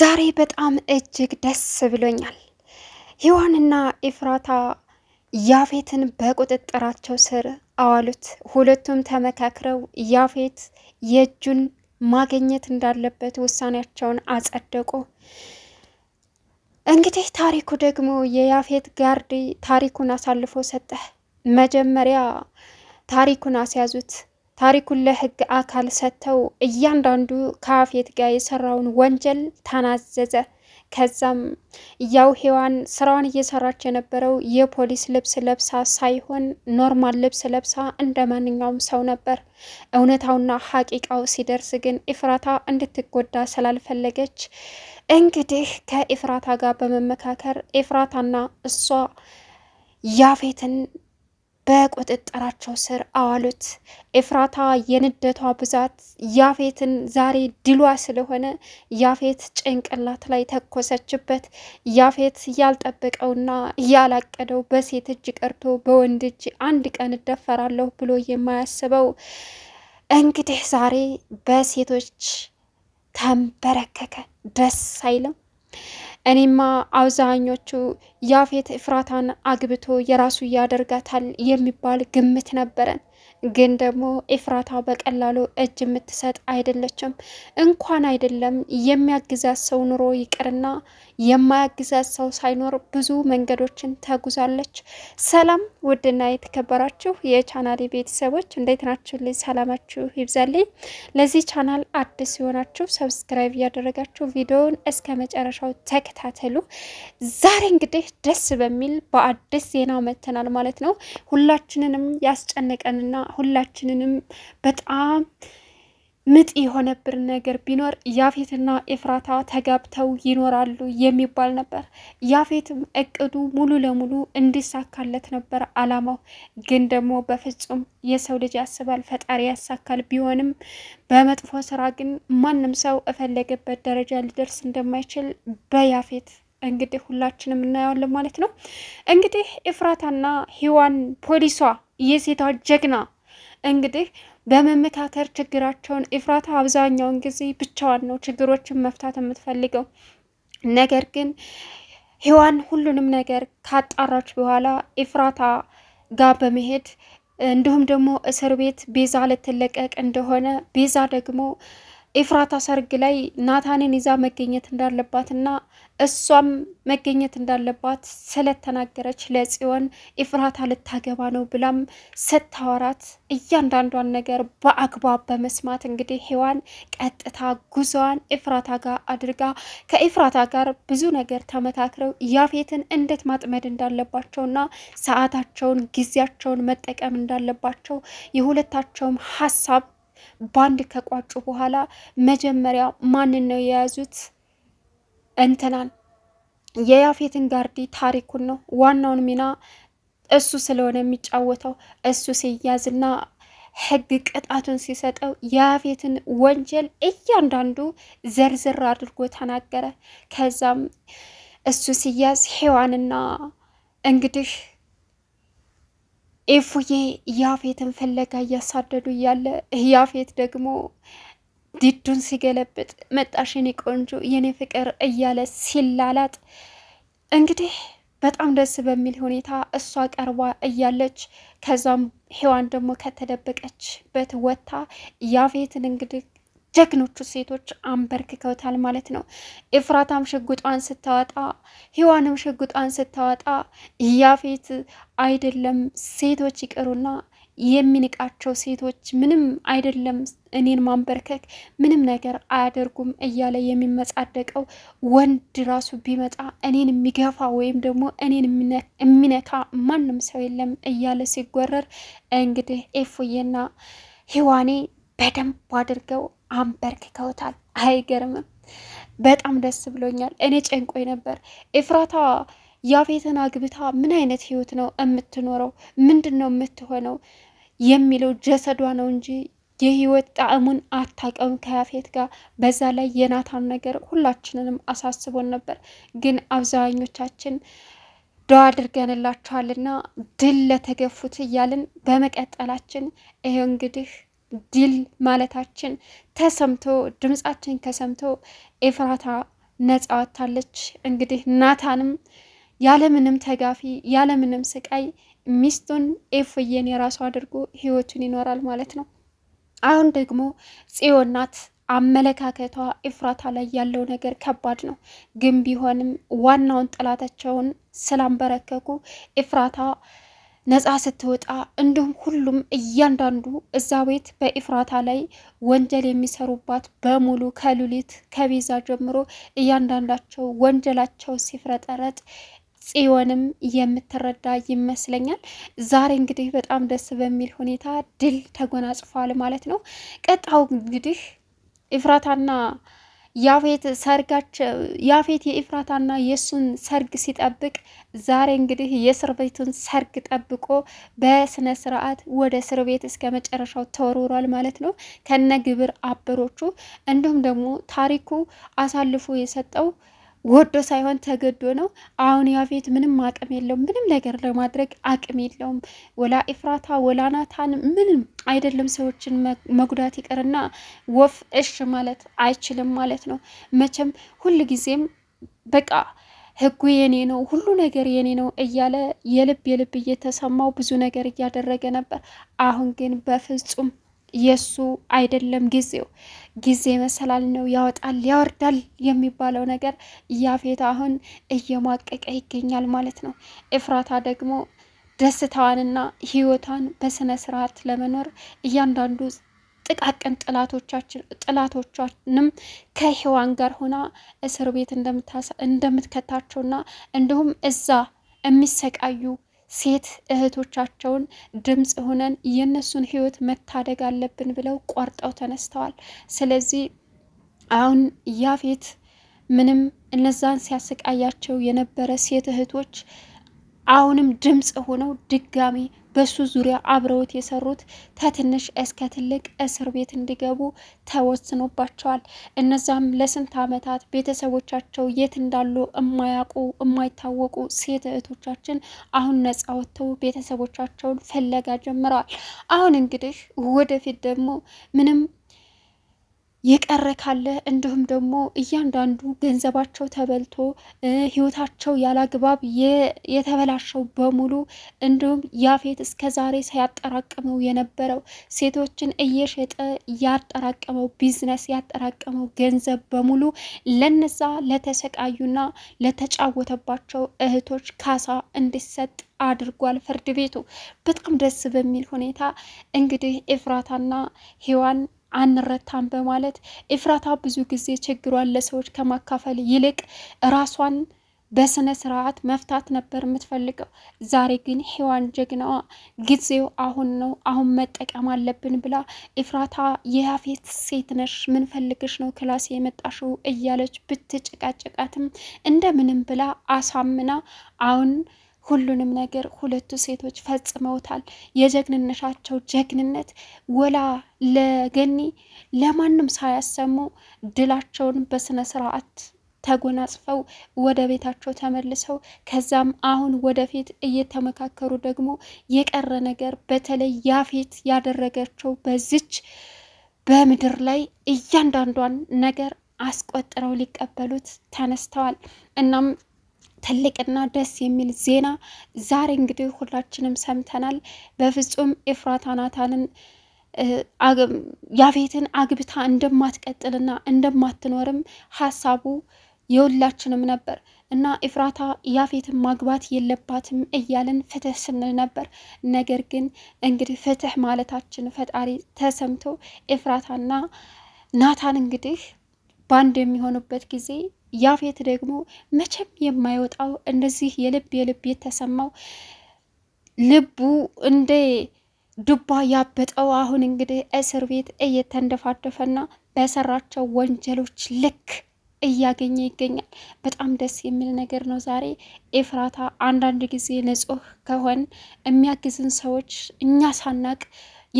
ዛሬ በጣም እጅግ ደስ ብሎኛል። ሔዋንና ኢፍራታ ያፌትን በቁጥጥራቸው ስር አዋሉት። ሁለቱም ተመካክረው ያፌት የእጁን ማግኘት እንዳለበት ውሳኔያቸውን አጸደቁ። እንግዲህ ታሪኩ ደግሞ የያፌት ጋርድ ታሪኩን አሳልፎ ሰጠ። መጀመሪያ ታሪኩን አስያዙት። ታሪኩን ለህግ አካል ሰጥተው እያንዳንዱ ከአፌት ጋር የሰራውን ወንጀል ተናዘዘ። ከዛም ያው ሔዋን ስራዋን እየሰራች የነበረው የፖሊስ ልብስ ለብሳ ሳይሆን ኖርማል ልብስ ለብሳ እንደ ማንኛውም ሰው ነበር። እውነታውና ሀቂቃው ሲደርስ ግን ኢፍራታ እንድትጎዳ ስላልፈለገች እንግዲህ ከኢፍራታ ጋር በመመካከር ኢፍራታና እሷ ያፌትን በቁጥጥራቸው ስር አዋሉት። ኤፍራታ የንደቷ ብዛት ያፌትን ዛሬ ድሏ ስለሆነ ያፌት ጭንቅላት ላይ ተኮሰችበት። ያፌት ያልጠበቀውና ያላቀደው በሴት እጅ ቀርቶ በወንድ እጅ አንድ ቀን እደፈራለሁ ብሎ የማያስበው እንግዲህ ዛሬ በሴቶች ተንበረከከ። ደስ አይለም እኔማ አብዛኞቹ ያፌት እፍራታን አግብቶ የራሱ ያደርጋታል የሚባል ግምት ነበረን። ግን ደግሞ ኤፍራታ በቀላሉ እጅ የምትሰጥ አይደለችም። እንኳን አይደለም የሚያግዛት ሰው ኑሮ ይቅርና የማያግዛት ሰው ሳይኖር ብዙ መንገዶችን ተጉዛለች። ሰላም ውድና የተከበራችሁ የቻናሌ ቤተሰቦች እንዴት ናችሁ? ልጅ ሰላማችሁ ይብዛልኝ። ለዚህ ቻናል አዲስ የሆናችሁ ሰብስክራይብ እያደረጋችሁ ቪዲዮውን እስከ መጨረሻው ተከታተሉ። ዛሬ እንግዲህ ደስ በሚል በአዲስ ዜና መተናል ማለት ነው ሁላችንንም ያስጨነቀንና ሁላችንንም በጣም ምጥ የሆነብን ነገር ቢኖር ያፌትና ኤፍራታ ተጋብተው ይኖራሉ የሚባል ነበር። ያፌትም እቅዱ ሙሉ ለሙሉ እንዲሳካለት ነበር አላማው። ግን ደግሞ በፍጹም የሰው ልጅ ያስባል፣ ፈጣሪ ያሳካል። ቢሆንም በመጥፎ ስራ ግን ማንም ሰው እፈለገበት ደረጃ ሊደርስ እንደማይችል በያፌት እንግዲህ ሁላችንም እናየዋለን ማለት ነው። እንግዲህ ኤፍራታና ሂዋን ፖሊሷ የሴቷ ጀግና እንግዲህ በመመካከር ችግራቸውን ኤፍራታ አብዛኛውን ጊዜ ብቻዋን ነው ችግሮችን መፍታት የምትፈልገው። ነገር ግን ሔዋን ሁሉንም ነገር ካጣራች በኋላ ኢፍራታ ጋር በመሄድ እንዲሁም ደግሞ እስር ቤት ቤዛ ልትለቀቅ እንደሆነ ቤዛ ደግሞ ኤፍራታ ሰርግ ላይ ናታንን ይዛ መገኘት እንዳለባትና እሷም መገኘት እንዳለባት ስለተናገረች ለጽዮን ኤፍራታ ልታገባ ነው ብላም ስታወራት እያንዳንዷን ነገር በአግባብ በመስማት እንግዲህ ሔዋን ቀጥታ ጉዞዋን ኤፍራታ ጋር አድርጋ ከኤፍራታ ጋር ብዙ ነገር ተመካክረው ያፌትን እንዴት ማጥመድ እንዳለባቸውና ሰዓታቸውን ጊዜያቸውን መጠቀም እንዳለባቸው የሁለታቸውም ሀሳብ ባንድ ከቋጩ በኋላ መጀመሪያ ማንን ነው የያዙት? እንትናን የያፌትን ጋርዲ ታሪኩን ነው ዋናውን ሚና እሱ ስለሆነ የሚጫወተው እሱ ሲያዝና ህግ ቅጣቱን ሲሰጠው የያፌትን ወንጀል እያንዳንዱ ዘርዝር አድርጎ ተናገረ። ከዛም እሱ ሲያዝ ሔዋንና እንግዲህ ኤፉዬ ያፌትን ፍለጋ እያሳደዱ እያለ ያፌት ደግሞ ዲዱን ሲገለብጥ መጣሽ የኔ ቆንጆ የኔ ፍቅር እያለ ሲላላጥ እንግዲህ በጣም ደስ በሚል ሁኔታ እሷ ቀርባ እያለች ከዛም ሔዋን ደግሞ ከተደበቀችበት ወጥታ ያፌትን እንግዲህ ጀግኖቹ ሴቶች አንበርክከውታል ማለት ነው። ኤፍራታም ሽጉጧን ስታወጣ፣ ሂዋንም ሽጉጧን ስታወጣ ያፌት አይደለም ሴቶች ይቅሩና የሚንቃቸው ሴቶች ምንም አይደለም እኔን ማንበርከክ ምንም ነገር አያደርጉም እያለ የሚመጻደቀው ወንድ ራሱ ቢመጣ እኔን የሚገፋ ወይም ደግሞ እኔን የሚነካ ማንም ሰው የለም እያለ ሲጎረር እንግዲህ ኤፉዬና ሂዋኔ በደንብ አድርገው አንበርክከውታል። አይገርምም? በጣም ደስ ብሎኛል። እኔ ጨንቆኝ ነበር። ኤፍራታ ያፌትን አግብታ ምን አይነት ህይወት ነው የምትኖረው? ምንድን ነው የምትሆነው የሚለው ጀሰዷ ነው እንጂ የህይወት ጣዕሙን አታውቅም ከያፌት ጋር። በዛ ላይ የናታን ነገር ሁላችንንም አሳስቦን ነበር፣ ግን አብዛኞቻችን ዶ አድርገንላችኋልና ድል ለተገፉት እያልን በመቀጠላችን ይሄ እንግዲህ ድል ማለታችን ተሰምቶ ድምጻችን ተሰምቶ ኤፍራታ ነጻ ወጥታለች። እንግዲህ ናታንም ያለምንም ተጋፊ ያለምንም ስቃይ ሚስቱን ኤፍዬን የራሱ አድርጎ ህይወቱን ይኖራል ማለት ነው። አሁን ደግሞ ጽዮን ናት። አመለካከቷ ኤፍራታ ላይ ያለው ነገር ከባድ ነው። ግን ቢሆንም ዋናውን ጥላታቸውን ስላንበረከኩ ኤፍራታ ነፃ ስትወጣ እንዲሁም ሁሉም እያንዳንዱ እዛ ቤት በኢፍራታ ላይ ወንጀል የሚሰሩባት በሙሉ ከሉሊት ከቤዛ ጀምሮ እያንዳንዳቸው ወንጀላቸው ሲፍረጠረጥ ጽዮንም የምትረዳ ይመስለኛል። ዛሬ እንግዲህ በጣም ደስ በሚል ሁኔታ ድል ተጎናጽፏል ማለት ነው። ቀጣው እንግዲህ ኢፍራታና ያፌት ሰርጋቸው ያፌት የኢፍራታና የእሱን ሰርግ ሲጠብቅ ዛሬ እንግዲህ የእስር ቤቱን ሰርግ ጠብቆ በስነ ስርዓት ወደ እስር ቤት እስከ መጨረሻው ተወርውሯል ማለት ነው። ከነ ግብር አበሮቹ እንዲሁም ደግሞ ታሪኩ አሳልፎ የሰጠው ወዶ ሳይሆን ተገዶ ነው። አሁን ያፌት ምንም አቅም የለውም፣ ምንም ነገር ለማድረግ አቅም የለውም። ወላ ኢፍራታ ወላ ናታን ምንም አይደለም። ሰዎችን መጉዳት ይቅርና ወፍ እሽ ማለት አይችልም ማለት ነው። መቼም ሁል ጊዜም በቃ ህጉ የኔ ነው፣ ሁሉ ነገር የኔ ነው እያለ የልብ የልብ እየተሰማው ብዙ ነገር እያደረገ ነበር። አሁን ግን በፍጹም የሱ አይደለም ጊዜው ጊዜ መሰላል ነው ያወጣል ያወርዳል የሚባለው ነገር ያፌት አሁን እየሟቀቀ ይገኛል ማለት ነው። እፍራታ ደግሞ ደስታዋንና ህይወቷን በስነ ስርዓት ለመኖር እያንዳንዱ ጥቃቅን ጥላቶቿንም ከህዋን ጋር ሆና እስር ቤት እንደምትከታቸውና እንዲሁም እዛ የሚሰቃዩ ሴት እህቶቻቸውን ድምፅ ሆነን የእነሱን ህይወት መታደግ አለብን ብለው ቆርጠው ተነስተዋል። ስለዚህ አሁን ያፌት ምንም እነዛን ሲያሰቃያቸው የነበረ ሴት እህቶች አሁንም ድምፅ ሆነው ድጋሚ በሱ ዙሪያ አብረውት የሰሩት ከትንሽ እስከ ትልቅ እስር ቤት እንዲገቡ ተወስኖባቸዋል። እነዛም ለስንት ዓመታት ቤተሰቦቻቸው የት እንዳሉ እማያውቁ የማይታወቁ ሴት እህቶቻችን አሁን ነጻ ወጥተው ቤተሰቦቻቸውን ፍለጋ ጀምረዋል። አሁን እንግዲህ ወደፊት ደግሞ ምንም የቀረ ካለ እንዲሁም ደግሞ እያንዳንዱ ገንዘባቸው ተበልቶ ህይወታቸው ያላግባብ የተበላሸው በሙሉ እንዲሁም ያፌት እስከ ዛሬ ሳያጠራቅመው የነበረው ሴቶችን እየሸጠ ያጠራቀመው ቢዝነስ ያጠራቀመው ገንዘብ በሙሉ ለነዛ ለተሰቃዩና ለተጫወተባቸው እህቶች ካሳ እንዲሰጥ አድርጓል ፍርድ ቤቱ። በጣም ደስ በሚል ሁኔታ እንግዲህ ኤፍራታና ሔዋን አንረታም በማለት እፍራታ ብዙ ጊዜ ችግሯን ለሰዎች ከማካፈል ይልቅ ራሷን በስነ ስርዓት መፍታት ነበር የምትፈልገው። ዛሬ ግን ሔዋን ጀግናዋ ጊዜው አሁን ነው፣ አሁን መጠቀም አለብን ብላ ኤፍራታ የያፌት ሴት ነሽ፣ ምን ፈልግሽ ነው ክላስ የመጣሽው እያለች ብትጭቃጭቃትም እንደምንም ብላ አሳምና አሁን ሁሉንም ነገር ሁለቱ ሴቶች ፈጽመውታል። የጀግንነታቸው ጀግንነት ወላ ለገኒ ለማንም ሳያሰሙ ድላቸውን በስነ ስርዓት ተጎናጽፈው ወደ ቤታቸው ተመልሰው ከዛም አሁን ወደፊት እየተመካከሩ ደግሞ የቀረ ነገር በተለይ ያፌት ያደረገችው በዚች በምድር ላይ እያንዳንዷን ነገር አስቆጥረው ሊቀበሉት ተነስተዋል። እናም ትልቅና ደስ የሚል ዜና ዛሬ እንግዲህ ሁላችንም ሰምተናል። በፍጹም ኤፍራታ ናታንን ያፌትን አግብታ እንደማትቀጥልና እንደማትኖርም ሀሳቡ የሁላችንም ነበር እና ኤፍራታ ያፌትን ማግባት የለባትም እያልን ፍትህ ስንል ነበር። ነገር ግን እንግዲህ ፍትህ ማለታችን ፈጣሪ ተሰምቶ ኤፍራታና ናታን እንግዲህ በአንድ የሚሆኑበት ጊዜ ያፌት ደግሞ መቼም የማይወጣው እንደዚህ የልብ የልብ የተሰማው ልቡ እንደ ዱባ ያበጠው አሁን እንግዲህ እስር ቤት እየተንደፋደፈና በሰራቸው ወንጀሎች ልክ እያገኘ ይገኛል። በጣም ደስ የሚል ነገር ነው። ዛሬ ኤፍራታ አንዳንድ ጊዜ ንጹህ ከሆን የሚያግዝን ሰዎች እኛ ሳናቅ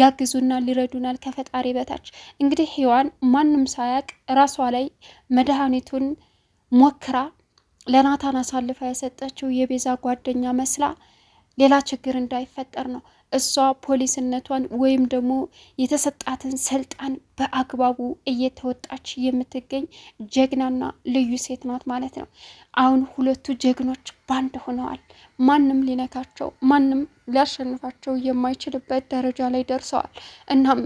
ያግዙናል፣ ሊረዱናል ከፈጣሪ በታች። እንግዲህ ሔዋን ማንም ሳያቅ ራሷ ላይ መድኃኒቱን ሞክራ ለናታን አሳልፋ የሰጠችው የቤዛ ጓደኛ መስላ ሌላ ችግር እንዳይፈጠር ነው። እሷ ፖሊስነቷን ወይም ደግሞ የተሰጣትን ስልጣን በአግባቡ እየተወጣች የምትገኝ ጀግናና ልዩ ሴት ናት ማለት ነው። አሁን ሁለቱ ጀግኖች ባንድ ሆነዋል። ማንም ሊነካቸው፣ ማንም ሊያሸንፋቸው የማይችልበት ደረጃ ላይ ደርሰዋል። እናም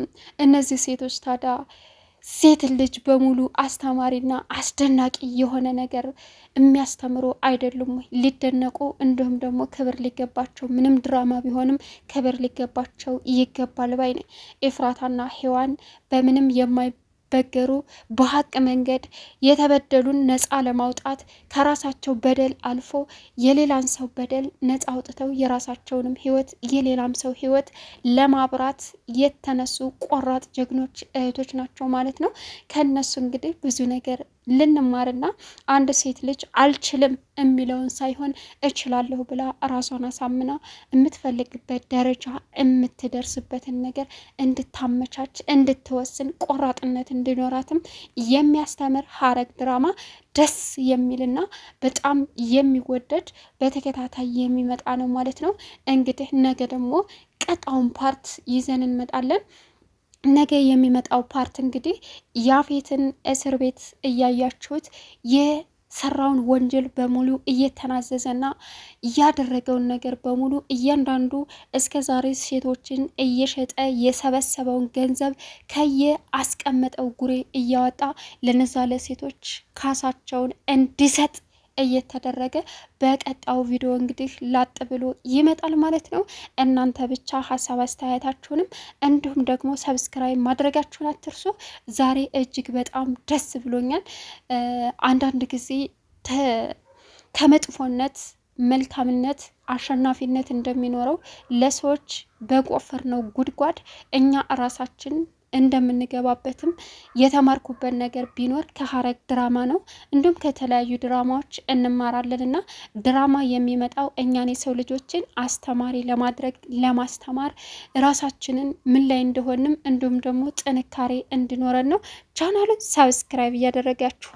እነዚህ ሴቶች ታዲያ ሴት ልጅ በሙሉ አስተማሪና አስደናቂ የሆነ ነገር የሚያስተምሩ አይደሉም ወይ? ሊደነቁ እንዲሁም ደግሞ ክብር ሊገባቸው ምንም ድራማ ቢሆንም ክብር ሊገባቸው ይገባል ባይ ነኝ። ኤፍራታና ሔዋን በምንም የማይ ሲበገሩ በሀቅ መንገድ የተበደሉን ነፃ ለማውጣት ከራሳቸው በደል አልፎ የሌላን ሰው በደል ነፃ አውጥተው የራሳቸውንም ህይወት የሌላም ሰው ህይወት ለማብራት የተነሱ ቆራጥ ጀግኖች እህቶች ናቸው ማለት ነው። ከነሱ እንግዲህ ብዙ ነገር ልንማርና አንድ ሴት ልጅ አልችልም የሚለውን ሳይሆን እችላለሁ ብላ ራሷን አሳምና የምትፈልግበት ደረጃ የምትደርስበትን ነገር እንድታመቻች እንድትወስን ቆራጥነት እንዲኖራትም የሚያስተምር ሐረግ ድራማ ደስ የሚልና በጣም የሚወደድ በተከታታይ የሚመጣ ነው ማለት ነው። እንግዲህ ነገ ደግሞ ቀጣውን ፓርት ይዘን እንመጣለን። ነገ የሚመጣው ፓርት እንግዲህ ያፌትን እስር ቤት እያያችሁት የሰራውን ወንጀል በሙሉ እየተናዘዘና ያደረገውን ነገር በሙሉ እያንዳንዱ እስከ ዛሬ ሴቶችን እየሸጠ የሰበሰበውን ገንዘብ ከየ አስቀመጠው ጉሬ እያወጣ ለነዛ ለሴቶች ካሳቸውን እንዲሰጥ እየተደረገ በቀጣው ቪዲዮ እንግዲህ ላጥ ብሎ ይመጣል ማለት ነው። እናንተ ብቻ ሀሳብ አስተያየታችሁንም እንዲሁም ደግሞ ሰብስክራይብ ማድረጋችሁን አትርሱ። ዛሬ እጅግ በጣም ደስ ብሎኛል። አንዳንድ ጊዜ ከመጥፎነት መልካምነት አሸናፊነት እንደሚኖረው ለሰዎች በቆፈር ነው ጉድጓድ እኛ እራሳችን እንደምንገባበትም የተማርኩበት ነገር ቢኖር ከሀረግ ድራማ ነው። እንዲሁም ከተለያዩ ድራማዎች እንማራለን እና ድራማ የሚመጣው እኛን የሰው ልጆችን አስተማሪ ለማድረግ ለማስተማር፣ ራሳችንን ምን ላይ እንደሆንም እንዲሁም ደግሞ ጥንካሬ እንዲኖረን ነው። ቻናሉን ሳብስክራይብ እያደረጋችሁ